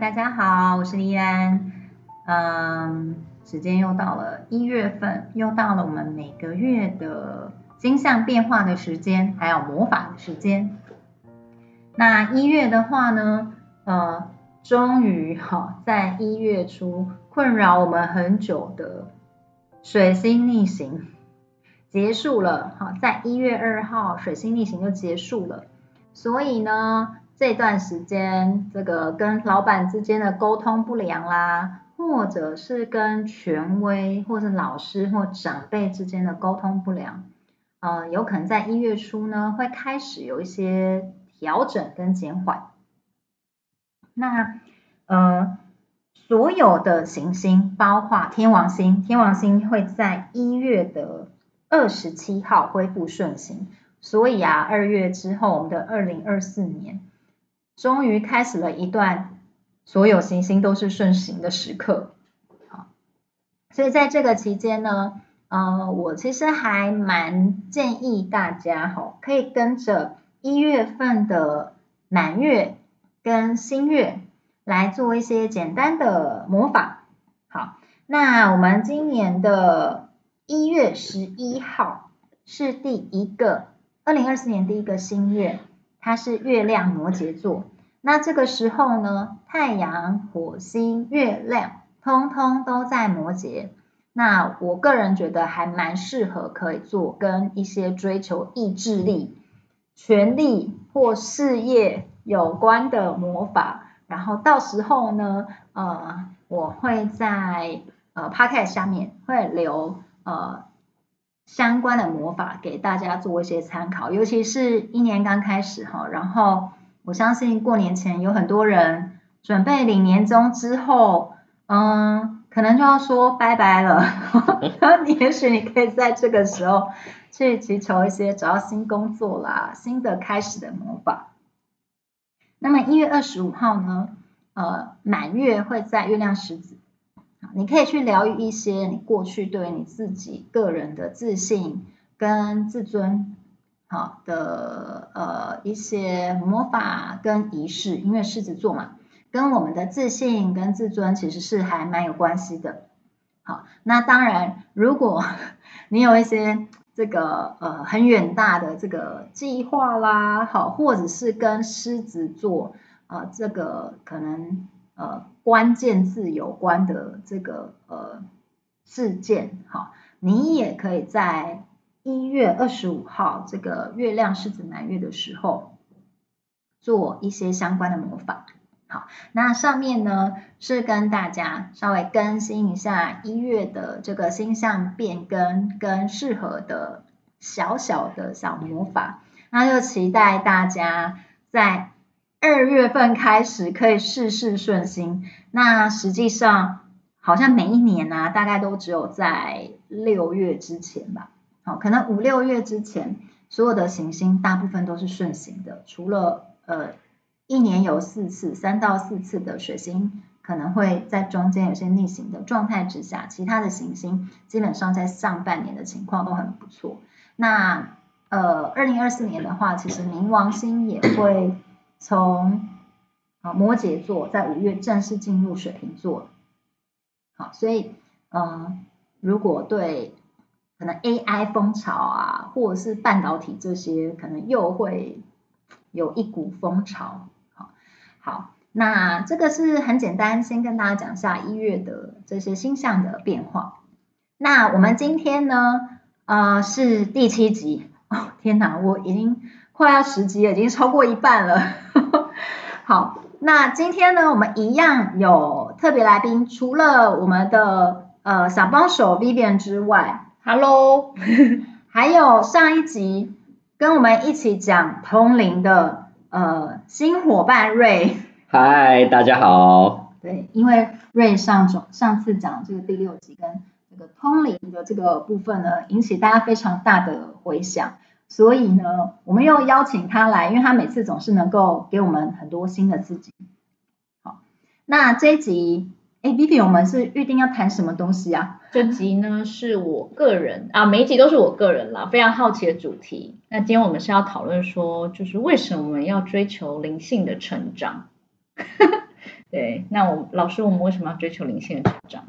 大家好，我是莉安。嗯，時間又到了一月份，又到了我們每個月的星象變化的時間，還有魔法的時間。那一月的話呢，呃，終於哈、哦，在一月初困擾我們很久的水星逆行結束了。哈，在一月二號水星逆行就結束了，所以呢。這段時間，這個跟老板之間的溝通不良啦，或者是跟權威、或者是老師或長輩之間的溝通不良，呃，有可能在一月初呢會開始有一些調整跟減緩。那呃，所有的行星，包括天王星，天王星會在一月的二十七號恢復順行，所以啊，二月之後，我們的二零二四年。終於開始了一段所有行星都是順行的時刻，好，所以在這個期間呢，呃，我其實還蠻建議大家哈，可以跟着一月份的滿月跟新月來做一些簡單的魔法。好，那我們今年的一月十一號是第一個二零二四年第一個新月。它是月亮摩羯座，那這個時候呢，太陽、火星、月亮，通通都在摩羯。那我個人覺得還蠻適合可以做跟一些追求意志力、權力或事業有關的魔法。然後到時候呢，呃，我會在呃 podcast 下面會留呃。相關的魔法給大家做一些參考，尤其是一年剛開始哈，然後我相信過年前有很多人準備領年終之後，嗯，可能就要說拜拜了，哈， 也許你可以在這個時候去祈求一些找到新工作啦、新的開始的魔法。那麼一月二十五號呢，呃，滿月會在月亮獅子。你可以去療癒一些你過去對你自己個人的自信跟自尊，好，的呃一些魔法跟儀式，因為獅子座嘛，跟我們的自信跟自尊其實是還蠻有關係的。好，那當然，如果你有一些這個呃很遠大的這個計劃啦，好，或者是跟獅子座啊，這個可能。呃，關鍵字有關的這個呃事件，好，你也可以在一月二十五號這個月亮獅子滿月的時候做一些相關的魔法。好，那上面呢，是跟大家稍微更新一下一月的這個星象變更跟適合的小小的小魔法，那就期待大家在。二月份開始可以事事順心，那實際上好像每一年啊，大概都只有在六月之前吧，好、哦，可能五六月之前，所有的行星大部分都是順行的，除了呃一年有四次三到四次的水星可能會在中間有些逆行的狀態之下，其他的行星基本上在上半年的情況都很不錯。那呃，二零二四年的話，其實冥王星也會。從摩羯座在五月正式進入水瓶座，好，所以嗯，呃，如果對可能 AI 風潮啊，或者是半導體這些，可能又會有一股風潮，好，好，那這個是很簡單，先跟大家講一下一月的這些星象的變化。那我們今天呢，呃，是第七集，哦，天哪，我已經。快要十集，已經超過一半了。 好，那今天呢，我們一樣有特別來賓，除了我們的呃小幫手 Vivian 之外，Hello，還有上一集跟我們一起講通靈的呃新夥伴 Ray。嗨，大家好。對，因為 Ray 上總上次講這個第六集跟這個通靈的這個部分呢，引起大家非常大的迴響。所以呢，我們又邀請他來，因為他每次總是能夠給我們很多新的自己。好，那這一集，哎，Vivi，我們是預定要談什麼東西啊？這集呢，是我個人啊，每一集都是我個人啦，非常好奇的主題。那今天我們是要討論說，就是為什麼要追求靈性的成長？ 對，那我老師，我們為什麼要追求靈性的成長？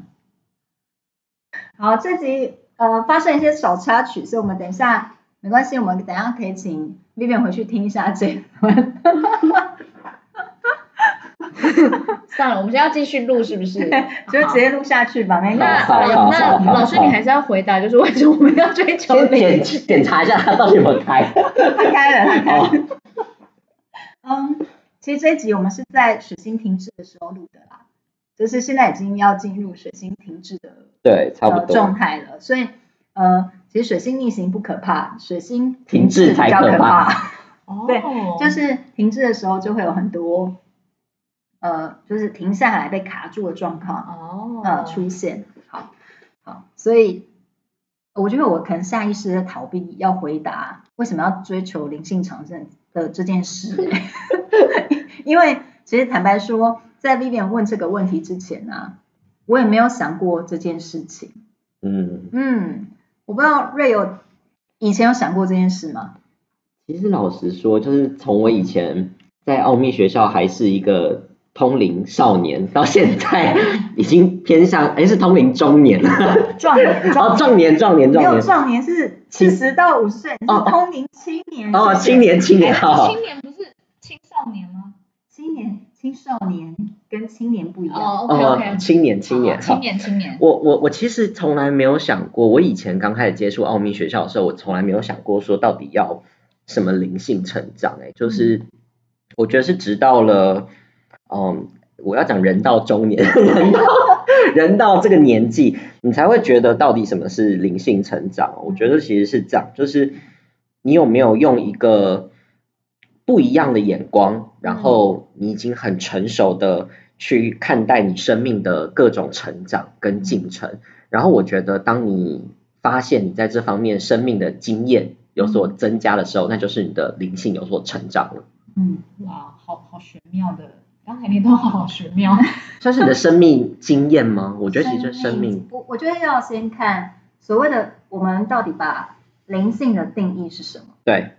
好，這集呃發生一些小插曲，所以我們等一下。沒關係，我們等下可以請 Vivian 回去聽一下這。算了，我們現在要繼續錄是不是？就直接錄下去吧。那那老師你還是要回答，就是為什麼我們要追求？先檢檢查一下它到底有沒有開。它開了，它開了。嗯，其實這一集我們是在水星停滯的時候錄的啦，就是現在已經要進入水星停滯的對差不多狀態了，所以。呃，其實水星逆行不可怕，水星停滯才可怕。 對，哦、就是停滯的時候就會有很多，呃，就是停下來被卡住的狀況。呃，出現。好，好，所以我覺得我可能下意識的逃避要回答為什麼要追求靈性成長的這件事，欸。 因為其實坦白說，在 Vivian 問這個問題之前啊，我也沒有想過這件事情。嗯嗯。嗯我不知道 Ray 以前有想過這件事嗎？其實老實說，就是從我以前在奧秘學校還是一個通靈少年，到現在已經偏向，哎，是通靈中年了。壯壯、哦，壯年，壯年壯年壯年壯年是七十到五十歲，清是通靈青年，青年哦，哦，青年青年哦，哎、青年不是青少年嗎？青年、青少年跟青年不一樣。哦、oh，OK，okay。青年，青年，青年，青年。我、我、我其實從來沒有想過，我以前剛開始接觸奧祕學校的時候，我從來沒有想過說到底要什麼靈性成長、欸。哎，就是我覺得是，直到了，嗯，我要講人到中年，人到 人到這個年紀，你才會覺得到底什麼是靈性成長。我覺得其實是這樣，就是你有沒有用一個。不一樣的眼光，然後你已經很成熟的去看待你生命的各種成長跟進程。然後我覺得，當你發現你在這方面生命的經驗有所增加的時候，那就是你的靈性有所成長了。嗯，哇，好好玄妙的，剛才你都好玄妙，算是你的生命經驗嗎？我覺得其實是生命，生命，我我覺得要先看所謂的我們到底把靈性的定義是什麼。對，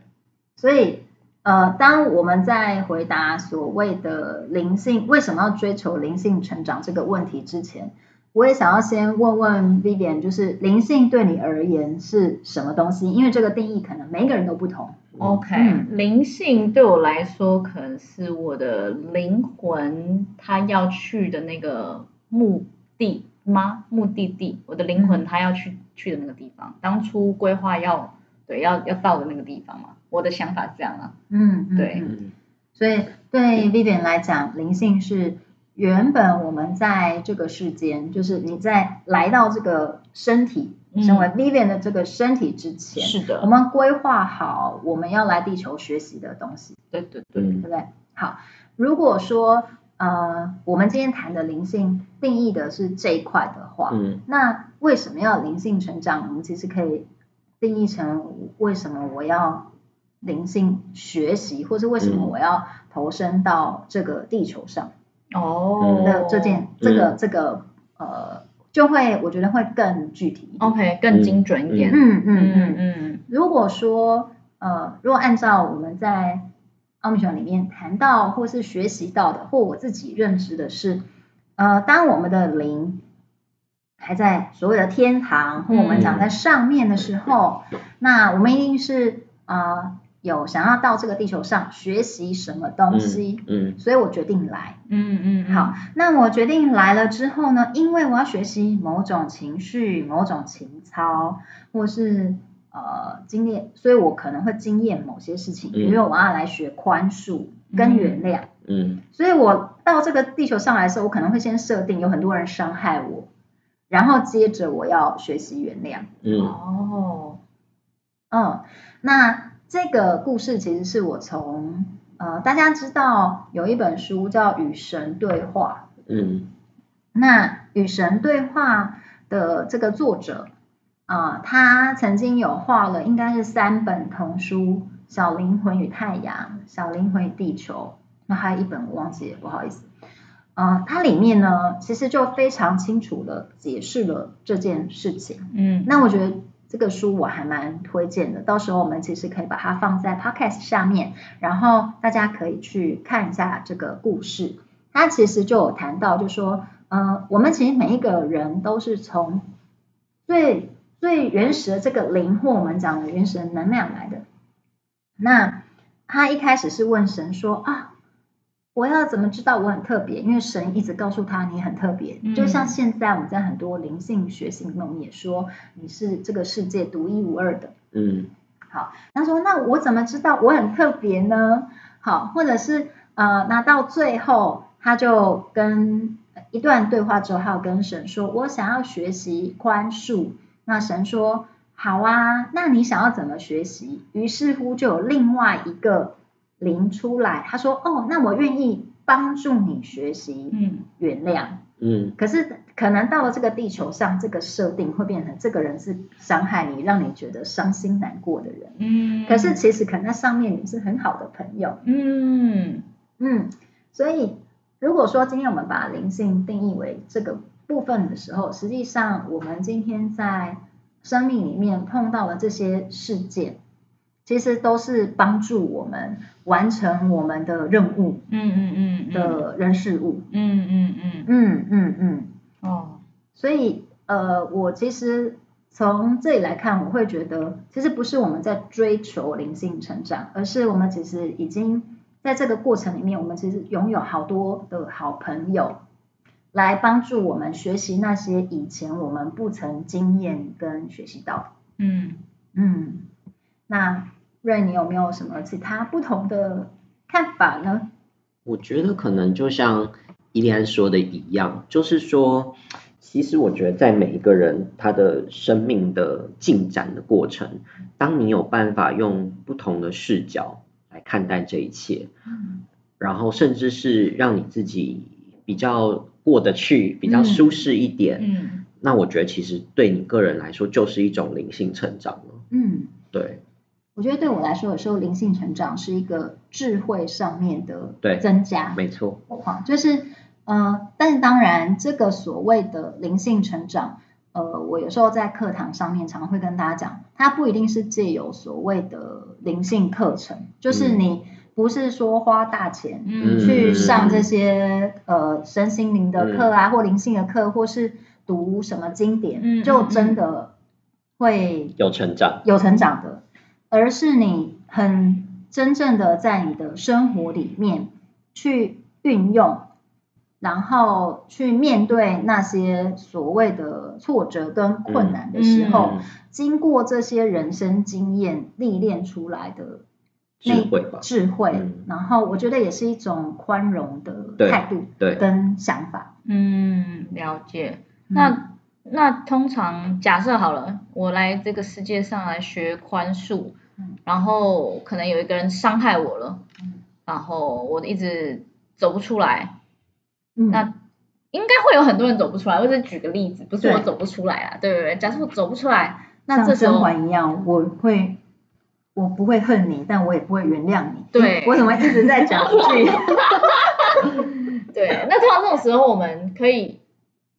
所以。呃，當我們在回答所謂的靈性，為什麼要追求靈性成長這個問題之前，我也想要先問問 Vivian，就是靈性對你而言是什麼東西？因為這個定義可能每個人都不同。OK，、嗯、靈性對我來說可能是我的靈魂他要去的那個目的嗎？目的地，我的靈魂他要去、嗯、去的那個地方，當初規劃要，對，要，要到的那個地方嗎？我的想法是這樣啊，嗯，對嗯，所以對 Vivian 來講，靈性是原本我們在這個世間，就是你在來到這個身體，成、嗯、為 Vivian 的這個身體之前，是的，我們規劃好我們要來地球學習的東西，對對對，對不對？好，如果說呃，我們今天談的靈性定義的是這一塊的話，嗯、那為什麼要靈性成長？我們其實可以定義成為什麼我要。靈性學習，或是為什麼我要投身到這個地球上？嗯、哦，那這件，嗯、這個，這個，呃，就會我覺得會更具體，OK，更精準一點。嗯嗯嗯嗯。嗯嗯嗯嗯嗯，如果說，呃，如果按照我們在奧秘學裡面談到，或是學習到的，或我自己認知的是，呃，當我們的靈還在所謂的天堂，或我們講在上面的時候，嗯、那我們一定是啊。呃有想要到這個地球上學習什麼東西，嗯，嗯所以我決定來，嗯嗯，嗯嗯好，那我決定來了之後呢，因為我要學習某種情緒、某種情操，或是呃經驗，所以我可能會經驗某些事情，因為、嗯、我要來學寬恕跟原諒、嗯，嗯，嗯所以我到這個地球上來的時候，我可能會先設定有很多人傷害我，然後接着我要學習原諒，嗯、哦，嗯，那。這個故事其實是我從呃，大家知道有一本書叫《與神對話》。嗯，那《與神對話》的這個作者啊、呃，他曾經有畫了，應該是三本童書，《小靈魂與太陽》、《小靈魂與地球》，那還有一本我忘記了，不好意思。嗯、呃，它裡面呢，其實就非常清楚地解釋了這件事情。嗯，那我覺得。這個書我還蠻推薦的，到時候我們其實可以把它放在 podcast 下面，然後大家可以去看一下這個故事。他其實就有談到，就說，嗯、呃，我們其實每一個人都是從最最原始的這個靈或我們講的原始的能量來的。那他一開始是問神說啊。我要怎麼知道我很特別？因為神一直告訴他你很特別，就像現在我們在很多靈性學習中也說你是這個世界獨一無二的。嗯，好，他說那我怎麼知道我很特別呢？好，或者是呃，那到最後他就跟一段對話之後，他有跟神說我想要學習寬恕。那神說好啊，那你想要怎麼學習？於是乎就有另外一個。靈出來，他說：“哦，那我願意幫助你學習，嗯，原諒。”嗯，可是可能到了這個地球上，這個設定會變成這個人是傷害你，讓你覺得傷心難過的人。嗯，可是其實可能在上面你是很好的朋友。嗯嗯，所以如果說今天我們把靈性定義為這個部分的時候，實際上我們今天在生命裡面碰到了這些事件。其實都是幫助我們完成我們的任務，嗯嗯嗯，的人事物，嗯嗯嗯嗯嗯嗯，哦，所以呃，我其實從這裡來看，我會覺得，其實不是我們在追求靈性成長，而是我們其實已經在這個過程裡面，我們其實擁有好多的好朋友，來幫助我們學習那些以前我們不曾經驗跟學習到嗯，嗯嗯。那瑞，你有沒有什麼其他不同的看法呢？我覺得可能就像伊麗安說的一樣，就是說，其實我覺得在每一個人他的生命的進展的過程，當你有辦法用不同的視角來看待這一切，嗯，然後甚至是讓你自己比較過得去，比較舒適一點，嗯，嗯那我覺得其實對你個人來說就是一種靈性成長了，嗯，對。我覺得對我來說，有時候靈性成長是一個智慧上面的增加，沒錯。啊、就是呃，但是當然，這個所謂的靈性成長，呃，我有時候在課堂上面常常會跟大家講，它不一定是藉由所謂的靈性課程，就是你不是說花大錢去上這些、嗯、呃身心靈的課啊，嗯、或靈性的課，或是讀什麼經典，嗯嗯、就真的會有成長，有成長的。而是你很真正的在你的生活裡面去運用，然後去面對那些所謂的挫折跟困難的時候，嗯嗯、經過這些人生經驗歷練出來的智慧吧，智慧，智慧、嗯，然後我覺得也是一種寬容的態度跟想法。嗯，了解。那、嗯、那通常假設好了，我來這個世界上來學寬恕。嗯、然後可能有一個人傷害我了，嗯、然後我一直走不出來，嗯、那應該會有很多人走不出來。我就舉個例子，不是我走不出來啊，對，對不對？假如我走不出來，那這時候一樣，我會，我不會恨你，但我也不會原諒你。對，我怎麼一直在講出去。 對，那通常這種時候，我們可以。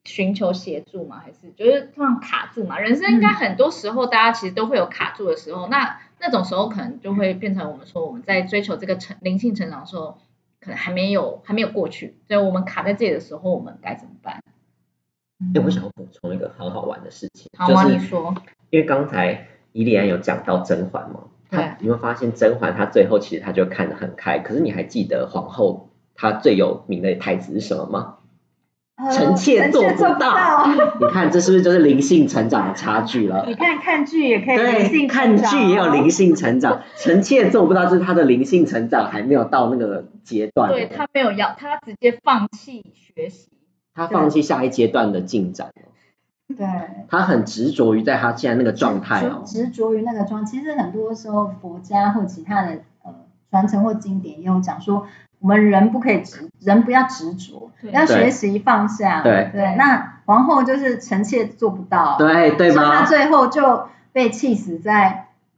尋求協助嗎？還是就是通常卡住嘛？人生應該很多時候，大家其實都會有卡住的時候。嗯、那那種時候，可能就會變成我們說我們在追求這個成靈性成長的時候，可能還沒有還沒有過去。所以，我們卡在這裡的時候，我們該怎麼辦？哎、嗯，我想補充一個很好玩的事情，好就是因為剛才伊利安有講到甄嬛嘛，對，你會發現甄嬛她最後其實她就看得很開。可是，你還記得皇後她最有名的台詞是什麼嗎？嗯臣妾做不到，呃、不到 你看這是不是就是靈性成長的差距了？你看看劇也可以靈性成長。對，看劇也有靈性成長。成長 臣妾做不到，就是他的靈性成長還沒有到那個階段哦。對，他沒有要，他直接放棄學習，他放棄下一階段的進展。對，他很執着於在他現在那個狀態哦，執着於那個狀態。其實很多時候佛家或其他的呃傳承或經典也有講說。我們人不可以執，人不要執着，對要學習放下。對，對，對，那皇後就是臣妾做不到，對對，所以她最後就被氣死在，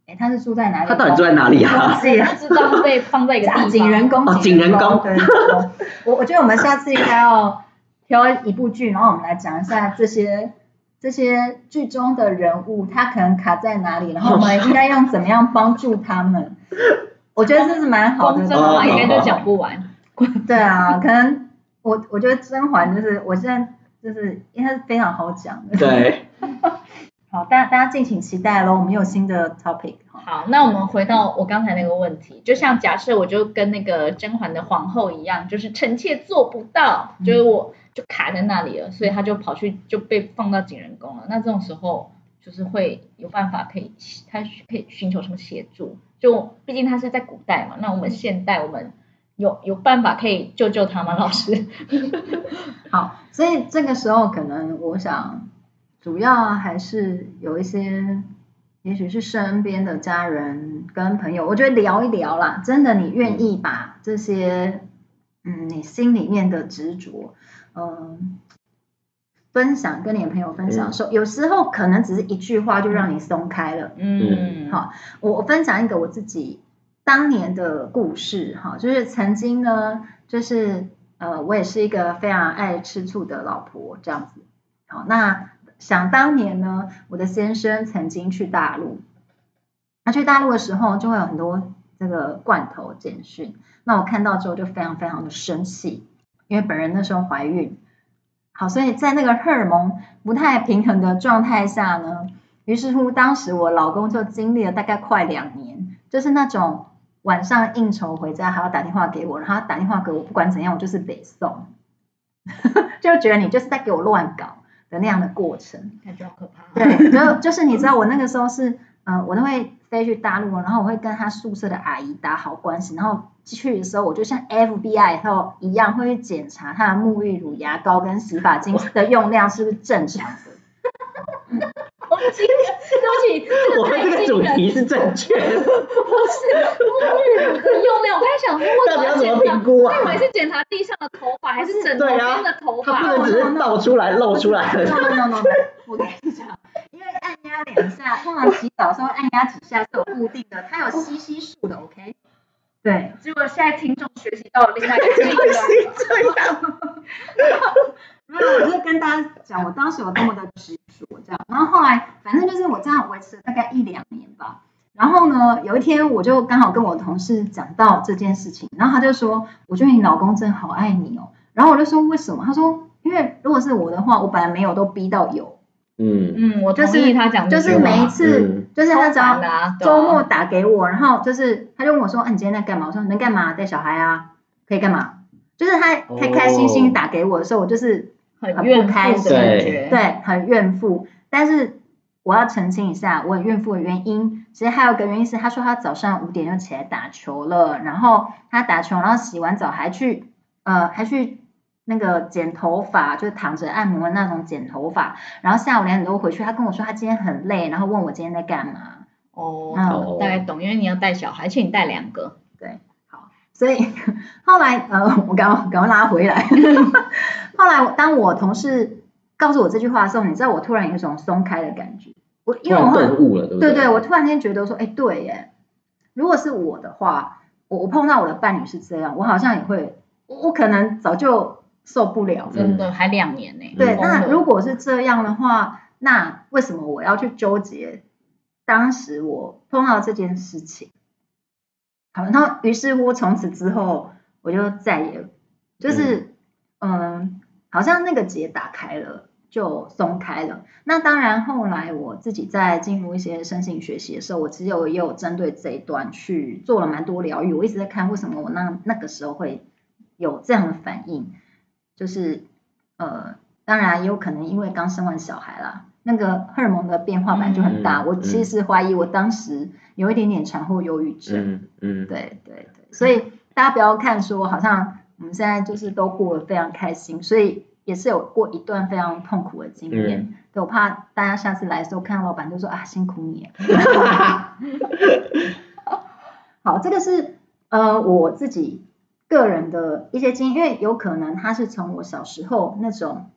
哎、欸，她是住在哪裡？她到底住在哪裡啊？自己不知道被放在一個地景仁宮。景仁宮。對。 我我覺得我們下次應該要挑一部劇，然後我們來講一下這些這些劇中的人物，他可能卡在哪裡，然後我們應該要怎麼樣幫助他們。哦 我覺得這是蠻好的，光甄嬛，應該就講不完。哦、 對啊，可能我我覺得甄嬛就是我現在就是應該是非常好講。對。 好，大家大家敬請期待嘍，我們有新的 topic。好，那我們回到我剛才那個問題，對就像假設我就跟那個甄嬛的皇後一樣，就是臣妾做不到，嗯、就是我就卡在那裡了，所以她就跑去就被放到景仁宮了。那這種時候就是會有辦法可以，她可以尋求什麼協助？就畢竟他是在古代嘛，那我們現代我們有有辦法可以救救他嗎？老師， 好，所以這個時候可能我想主要還是有一些，也許是身邊的家人跟朋友，我覺得聊一聊啦，真的你願意把這些，嗯，你心裡面的執着，嗯。分享跟你的朋友分享的時候，嗯，有時候可能只是一句話就讓你鬆開了。嗯，好，我分享一個我自己當年的故事哈，就是曾經呢，就是呃，我也是一個非常愛吃醋的老婆這樣子。好，那想當年呢，我的先生曾經去大陸，他去大陸的時候就會有很多這個罐頭簡訊，那我看到之後就非常非常的生氣，因為本人那時候懷孕。好，所以在那個荷爾蒙不太平衡的狀態下呢，於是乎當時我老公就經歷了大概快兩年，就是那種晚上應酬回家還要打電話給我，然後他打電話給我，我不管怎樣我就是得送，呵呵，就覺得你就是在給我亂搞的那樣的過程，感覺好可怕啊。對， 就就是你知道我那個時候是呃，我都會飛去大陸，然後我會跟他宿舍的阿姨打好關係，然後。.去的時候，我就像 FBI 以後一樣，會去檢查他的沐浴乳、牙膏跟洗髮精的用量是不是正常的。我今天、嗯、對不起，這個、我這個主題是正確的，不是沐浴乳，有沒有？我在想說，為什麼要評估啊？你以 為是檢查地上的頭髮還是枕頭邊的頭髮？不，對啊、不能只是出露出來、露出來 no no no no 我跟你講，因為按壓兩下，通常洗澡時候按壓幾下是有固定的，它有吸吸數的，OK。對，結果現在聽眾學習到了另外一個了，哈哈哈哈哈。然後我就跟大家講，我當時我那麼的執着這樣，然後後來反正就是我這樣維持了大概一兩年吧。然後呢，有一天我就剛好跟我同事講到這件事情，然後他就說，我覺得你老公真的好愛你哦。然後我就說，為什麼？他說，因為如果是我的話，我本來沒有都逼到有。嗯、嗯，我同意他講就是每一次。嗯就是他只要週末打給我，啊、然後就是他就問我說對、啊：“你今天在幹嘛？”我說：“能幹嘛？帶小孩啊，可以幹嘛？”就是他開開心心打給我的時候，oh, 我就是很不開心，很怨婦的感覺，對，對，很怨婦。但是我要澄清一下，對我很怨婦的原因，其實還有個原因是，他說他早上五點就起來打球了，然後他打球，然後洗完澡還去呃還去。那個剪頭髮就是躺着按摩那種剪頭髮，然後下午兩點多回去，他跟我說他今天很累，然後問我今天在幹嘛。哦，那大概懂，因為你要帶小孩，請你帶兩個。對，好，所以後來呃，我趕快，趕快拉回來。 後來當我同事告訴我這句話的時候，你知道我突然有一種鬆開的感覺，我因為頓悟了，對不對？對，對，我突然間覺得說，哎，對耶，如果是我的話，我我碰到我的伴侶是這樣，我好像也會，我可能早就。受不了，了，真的，還兩年呢。對，那如果是這樣的話，那為什麼我要去糾結當時我碰到這件事情？好，那於是乎，從此之後，我就再也就是嗯，嗯，好像那個結打開了，就鬆開了。那當然後來我自己在進入一些身心學習的時候，我其實我也有針對這一段去做了蠻多療癒。我一直在看為什麼我那那個時候會有這樣的反應。就是呃，當然也有可能因為剛生完小孩啦，那個荷爾蒙的變化本來就很大。嗯嗯、我其實懷疑我當時有一點點產後憂鬱症。嗯，嗯對對對，所以大家不要看說好像我們現在就是都過得非常開心，所以也是有過一段非常痛苦的經驗。嗯、對我怕大家下次來的時候看到老闆就說啊辛苦你。 好，這個是呃我自己個人的一些經驗，因為有可能他是從我小時候那種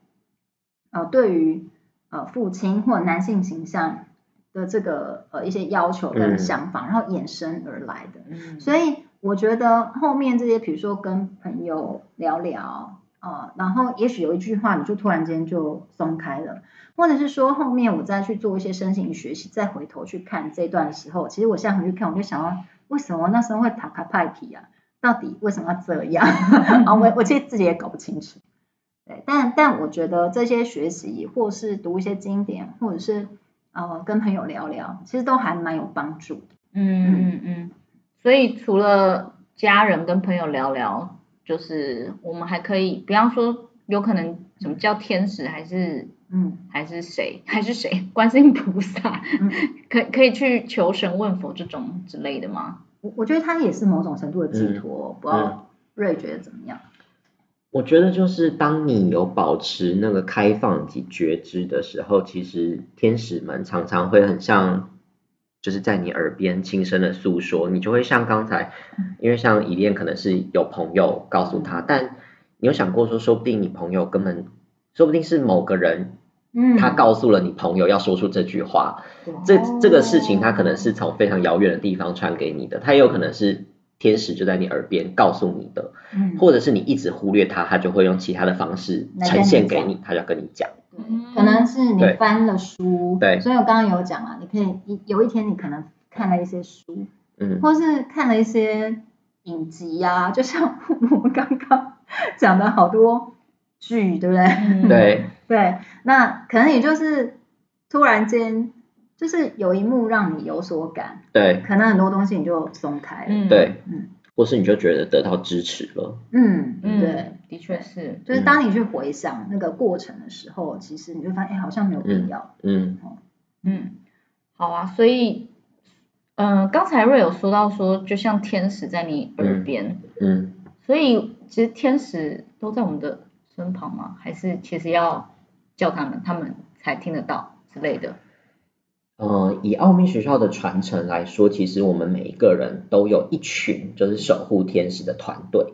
呃，對於呃父親或男性形象的這個呃一些要求跟想法，然後衍生而來的。嗯，所以我覺得後面這些，比如說跟朋友聊聊呃，然後也許有一句話，你就突然間就鬆開了，或者是說後面我再去做一些身心學習，再回頭去看這段時候，其實我現在回去看，我就想說，為什麼那時候會打開派皮呀？到底為什麼要這樣？ 我我其實自己也搞不清楚。對，但但我覺得這些學習，或是讀一些經典，或者是、呃、跟朋友聊聊，其實都還蠻有幫助。嗯嗯嗯。嗯，所以除了家人跟朋友聊聊，就是我們還可以，比方說有可能什麼叫天使，還是嗯還是誰還是誰，觀音菩薩，嗯、可可以去求神問佛這種之類的嗎？我覺得他也是某種程度的寄託，哦，嗯嗯、不知道瑞覺得怎麼樣？我覺得就是當你有保持那個開放及覺知的時候，其實天使們常常會很像，就是在你耳邊輕聲的訴說，你就會像剛才，因為像依戀可能是有朋友告訴他，但你有想過說，說不定你朋友根本，說不定是某個人。嗯，他告訴了你朋友要說出這句話，對這對這個事情他可能是從非常遙遠的地方傳給你的，他也有可能是天使就在你耳邊告訴你的，嗯，或者是你一直忽略他，他就會用其他的方式呈現給你，你他就要跟你講，嗯，可能是你翻了書，對，對對，所以我剛剛有講啊，你可以有一天你可能看了一些書，嗯，或是看了一些影集啊，就像我們剛剛講的好多。劇對不對？對對，那可能也就是突然間，就是有一幕讓你有所感，對，可能很多東西你就鬆開了，對，嗯，或是你就覺得得到支持了，嗯，對，的確是，就是當你去回想那個過程的時候，其實你就發現，哎，好像沒有必要，嗯，嗯，好啊，所以，嗯，剛才瑞有說到說，就像天使在你耳邊，嗯，所以其實天使都在我們的。奔跑嗎？還是其實要叫他們，他們才聽得到之類的？嗯、呃，以奧秘學校的傳承來說，其實我們每一個人都有一群就是守護天使的團隊。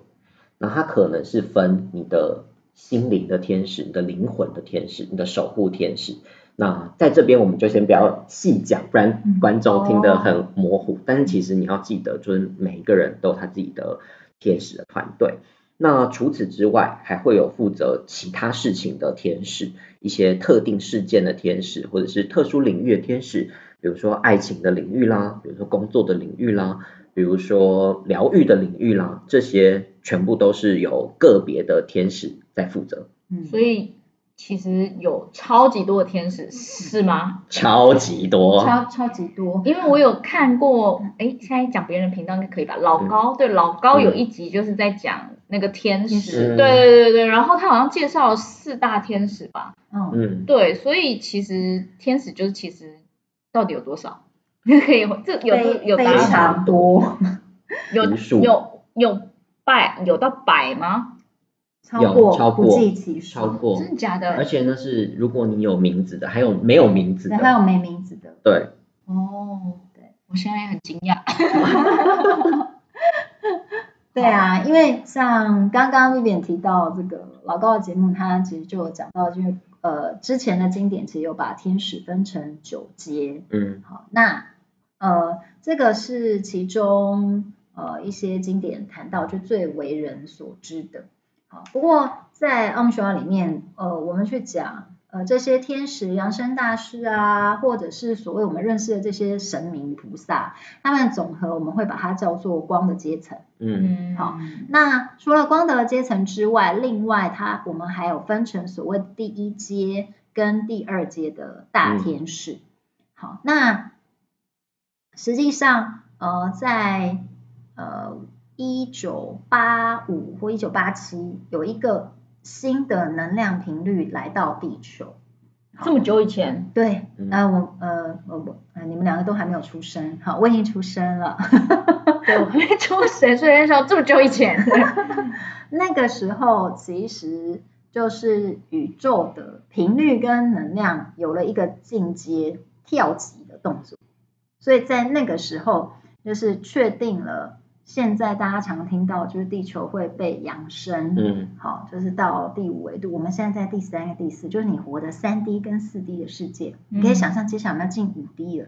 那它可能是分你的心靈的天使、你的靈魂的天使、你的守護天使。那在這邊我們就先不要細講，不然觀眾聽得很模糊。哦、但是其實你要記得，就是每一個人都有他自己的天使的團隊。那除此之外，還會有負責其他事情的天使，一些特定事件的天使，或者是特殊領域的天使，比如說愛情的領域啦，比如說工作的領域啦，比如說療癒的領域啦，這些全部都是有個別的天使在負責。嗯，所以其實有超級多的天使，是嗎？超級多，超超級多，因為我有看過，哎，現在講別人的頻道應該可以吧？老高，嗯、對老高有一集就是在講。嗯嗯那個天使，對對對對，然後他好像介紹了四大天使吧，嗯，對，所以其實天使就是其實到底有多少？有這有有非常多，有有有百有到百嗎？超過超過不計其數。超過真的假的？而且呢，是如果你有名字的，還有沒有名字的？還有沒名字的？對，哦，對我現在也很驚訝。對啊，因為像剛剛 Vivian 提到這個老高的節目，他其實就有講到，就是呃之前的經典其實有把天使分成九階，嗯，好，那呃這個是其中呃一些經典談到就最為人所知的，好，不過在奧秘學裡面，呃我們去講。呃，這些天使、揚升大師啊，或者是所謂我們認識的這些神明菩薩，他們總和我們會把它叫做光的階層。嗯，好。那除了光的階層之外，另外它我們還有分成所謂第一階跟第二階的大天使。嗯、好，那實際上，呃，在呃一九八五或一九八七有一個。新的能量頻率來到地球，這麼久以前？對，啊、嗯、我呃我我你們兩個都還沒有出生，好，我已經出生了， 對我還沒出生，所以說這麼久以前， 那個時候其實就是宇宙的頻率跟能量有了一個進階跳級的動作，所以在那個時候就是確定了。現在大家常聽到就是地球會被揚升，嗯，好，就是到第五維度。我們現在在第三跟第四，就是你活的三 D 跟四 D 的世界，嗯、你可以想象，接下來我們要進五 D 了。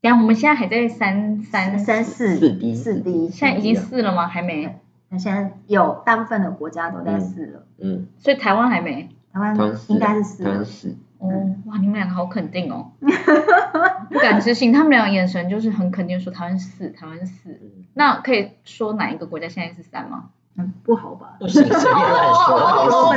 對啊、嗯，我們現在還在三三三四四 D 四 D，四 D 現在已經四了嗎？還沒。那，嗯嗯、現在有大部分的國家都在四了，嗯，嗯，所以台灣還沒，台灣應該是四。哦，哇，你們兩個好肯定哦， 不敢置信，他們兩個眼神就是很肯定，說台灣是四，台灣是四，那可以說哪一個國家現在是三嗎？嗯，不好吧？不行，說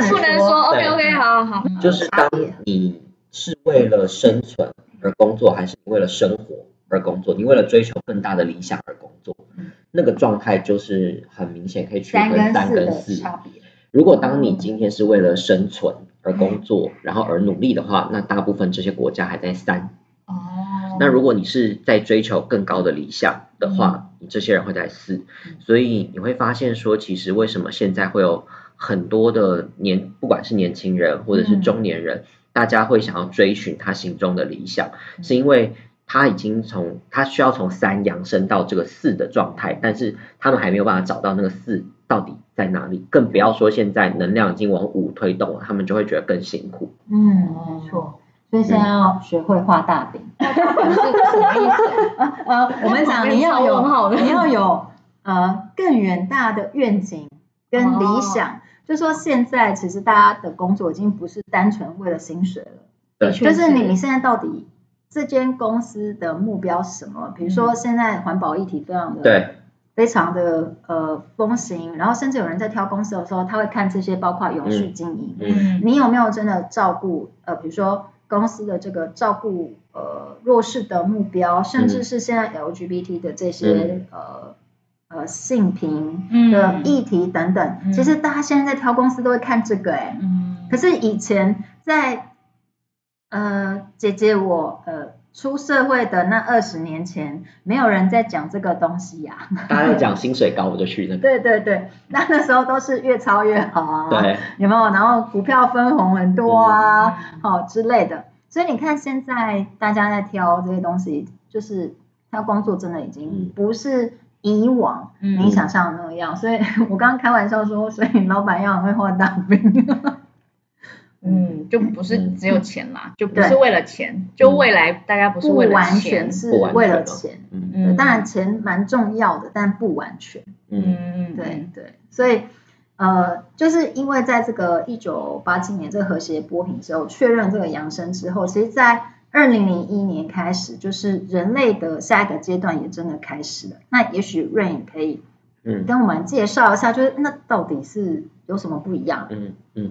是不能說，對不能說，OK OK，好好好。就是當你是為了生存而工作，還是為了生活而工作？你為了追求更大的理想而工作，嗯、那個狀態就是很明顯可以區分三跟四,三跟四的差別。如果當你今天是為了生存。而工作，然後而努力的話，那大部分這些國家還在三。哦。Oh. 那如果你是在追求更高的理想的話，mm. 這些人會在四。所以你會發現說，其實為什麼現在會有很多的年，不管是年輕人或者是中年人，mm. 大家會想要追尋他心中的理想，是因為他已經從他需要從三揚升到這個四的狀態，但是他們還沒有辦法找到那個四。到底在哪裡？更不要說現在能量已經往五推動了，他們就會覺得更辛苦。嗯，沒錯。所以現在要學會畫大餅。大餅是什麼意思？我們講你要有，你要有呃更遠大的願景跟理想。哦、就說現在其實大家的工作已經不是單純為了薪水了。對就是你你現在到底這間公司的目標是什麼？比如說現在環保議題非常的、嗯、對。非常的呃風行，然後甚至有人在挑公司的時候，他會看這些包括永續經營，嗯嗯、你有沒有真的照顧呃，比如說公司的這個照顧呃弱勢的目標，甚至是現在 LGBT 的這些、嗯、呃呃性平的議題等等，嗯嗯、其實大家現在在挑公司都會看這個哎、欸，嗯、可是以前在呃姐姐我呃。出社會的那二十年前，沒有人在講這個東西呀、啊。大家講薪水高， 對我就去那個。對對對，那那時候都是越超越好啊，對，有沒有？然後股票分紅很多啊，對對對，好之類的。所以你看現在大家在挑這些東西，就是他工作真的已經不是以往你想象的那樣。嗯、所以我剛剛開玩笑說，所以老闆要會畫大餅。 嗯，就不是只有錢啦，嗯、就不是為了錢，對就未來大家不是為了錢，不完全是為了錢，嗯，當然錢蠻重要的，但不完全，嗯對嗯對對，所以呃，就是因為在這個一九八七年這個和諧波平之後確認這個揚升之後，其實在二零零一年開始，就是人類的下一個階段也真的開始了。那也許 Ray 可以嗯，跟我們介紹一下，就是那到底是有什麼不一樣的嗯？嗯嗯。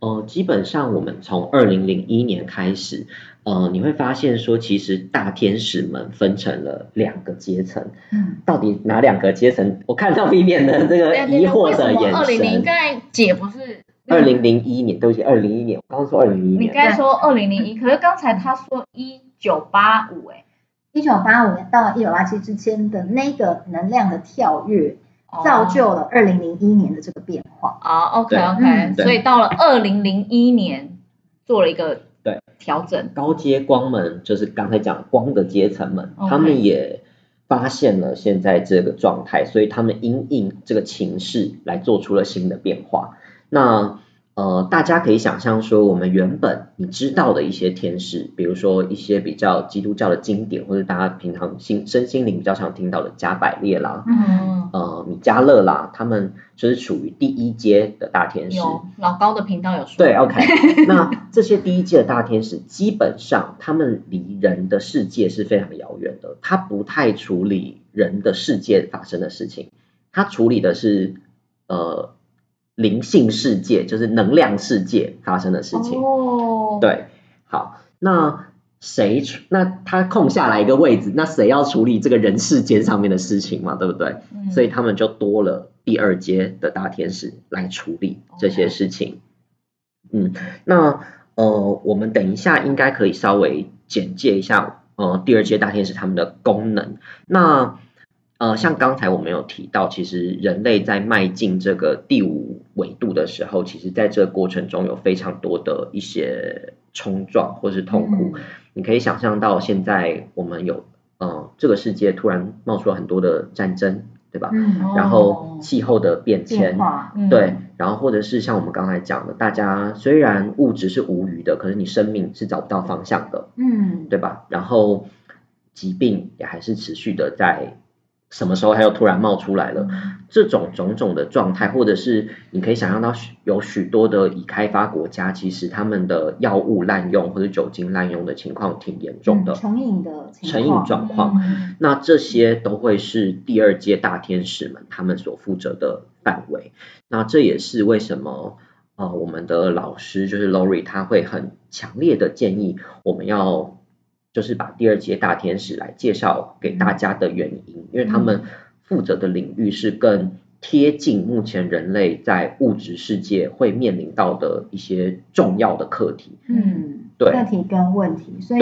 呃，基本上我們從二零零一年開始，呃，你會發現說，其實大天使們分成了兩個階層，嗯，到底哪兩個階層？我看到後面的這個疑惑的眼神。二零零剛才姐不是二零零一年，對不起，二零一年，我剛，剛說二零一年，你剛才說二零零一，可是剛才他說一九八五，哎一九八五到一九八七之間的那個能量的跳躍。造就了二零零一年的這個變化啊，oh，OK OK，嗯、所以到了二零零一年做了一個對，調整，對，高階光們就是剛才講光的階層們，他們也發現了現在這個狀態，Okay 所以他們因應這個情勢來做出了新的變化，那。呃，大家可以想象說，我們原本，你知道的一些天使，嗯、比如說一些比較基督教的經典，或者大家平常心、身心靈比較常聽到的加百列啦，嗯，呃，米迦勒啦，他們就是屬於第一階的大天使。有，老高的頻道有說。對，OK。那這些第一階的大天使， 基本上他們離人的世界是非常遙遠的，他不太處理人的世界發生的事情，他處理的是呃。靈性世界就是能量世界發生的事情。Oh. 對，好，那誰那他空下來一個位置，那誰要處理這個人世間上面的事情嘛，對不對？Mm. 所以他們就多了第二階的大天使來處理這些事情。Okay. 嗯，那呃，我們等一下應該可以稍微簡介一下呃第二階大天使他們的功能。那呃，像剛才我們有提到，其實人類在邁進這個第五維度的時候，其實在這個過程中有非常多的一些衝撞或是痛苦。嗯、你可以想象到現在我們有，呃，這個世界突然冒出了很多的戰爭，對吧？嗯、然後氣候的變遷，嗯、對，然後或者是像我們剛才講的，大家雖然物質是無餘的，可是你生命是找不到方向的。嗯。對吧？然後疾病也還是持續的在。什麼時候它又突然冒出來了？這種種種的狀態，或者是你可以想象到有許多的已開發國家，其實他們的藥物濫用或者酒精濫用的情況挺嚴重的，嗯、成癮的情況，成癮狀況。嗯、那這些都會是第二階大天使們他們所負責的範圍。那這也是為什麼、呃、我們的老師就是 Lori 他會很強烈的建議我們要。就是把第二節大天使來介紹給大家的原因，嗯、因為他們負責的領域是更貼近目前人類在物質世界會面臨到的一些重要的課題。嗯，對，課題跟問題。所以，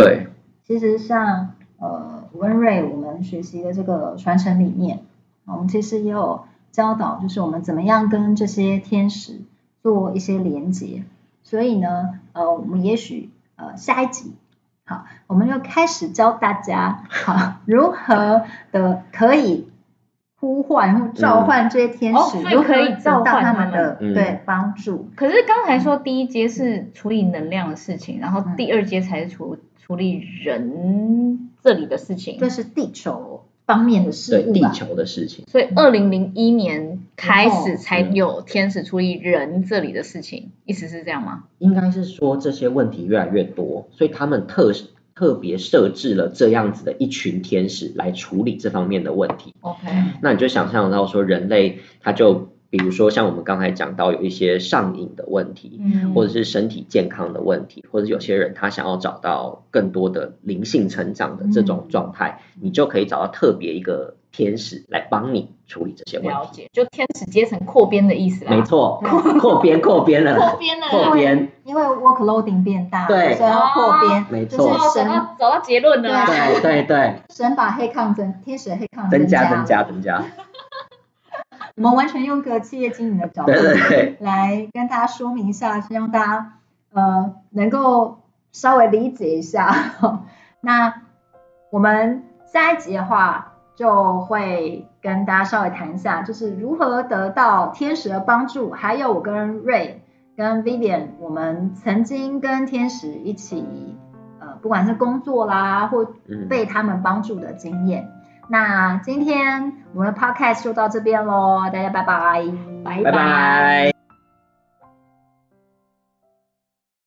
其實像對呃文瑞，文我們學習的這個傳承理念，我們其實也有教導，就是我們怎麼樣跟這些天使做一些連接。所以呢，呃，我們也許呃下一集。好，我們就開始教大家，好，如何的可以呼喚，然後召喚這些天使，嗯哦、所以可以得到他們的、嗯、對，幫助。可是剛才說第一階是處理能量的事情，然後第二階才是處、嗯、處理人這裡的事情。這是地球。方面的事情、啊、對地球的事情，嗯、所以二零零一年開始才有天使處理人這裡的事情，然後，嗯、意思是這樣嗎？應該是說，這些問題越來越多，所以他們特特別設置了這樣子的一群天使來處理這方面的問題。OK，那你就想象到說人類他就。比如說像我們剛才講到有一些上癮的問題，嗯，或者是身體健康的問題，或者有些人他想要找到更多的靈性成長的這種狀態，你就可以找到特別一個天使來幫你處理這些問題。了解，就天使階層擴編的意思。沒錯，擴編，擴編了，擴編了，擴編。因為 work loading 變大，對，所以要擴編。沒錯，神找到結論了。對對對。神把黑抗增，天使的黑抗增加，增加，增加。我們完全用個企業經營的角度來跟大家說明一下，希望大家呃能夠稍微理解一下。 那我們下一集的話，就會跟大家稍微談一下，就是如何得到天使的幫助，還有我跟 Ray 跟 Vivian 我們曾經跟天使一起呃，不管是工作啦，或被他們幫助的經驗。嗯那今天我們的 podcast 就到這邊嘍，大家拜拜，拜拜。拜拜。